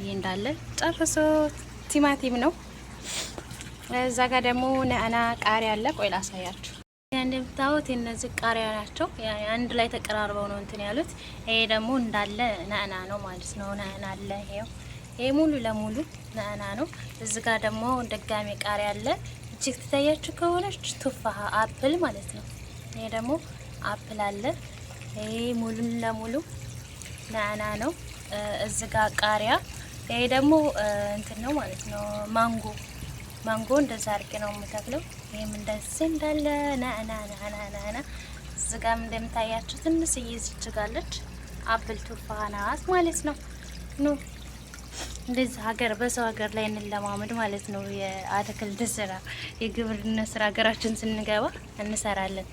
ይህ እንዳለ ጨርሶ ቲማቲም ነው። እዛ ጋር ደግሞ ነአና ቃሪያ አለ። ቆይ ላሳያችሁ። እንደምታዩት እነዚህ ቃሪያ ናቸው። አንድ ላይ ተቀራርበው ነው እንትን ያሉት። ይሄ ደግሞ እንዳለ ነአና ነው ማለት ነው። ነአና አለ። ይሄው ይሄ ሙሉ ለሙሉ ነአና ነው። እዚህ ጋር ደግሞ ድጋሜ ቃሪያ አለ። እጅግ ትታያችሁ ከሆነች ቱፋሃ አፕል ማለት ነው። ይሄ ደግሞ አፕል አለ። ይሄ ሙሉ ለሙሉ ነአና ነው። እዚ ጋር ቃሪያ ይሄ ደግሞ እንትን ነው ማለት ነው ማንጎ ማንጎ እንደዛ አርቄ ነው የምተክለው። ይሄም እንደዚህ እንዳለ ናና ናና ናና እዚህ ጋርም እንደምታያችሁ ትንሽ እየዝችጋለች አፕል ቱፋ ናት ማለት ነው ኑ እንደዚህ ሀገር በሰው ሀገር ላይ እንለማመድ ማለት ነው። የአትክልት ስራ የግብርና ስራ ሀገራችን ስንገባ እንሰራለን።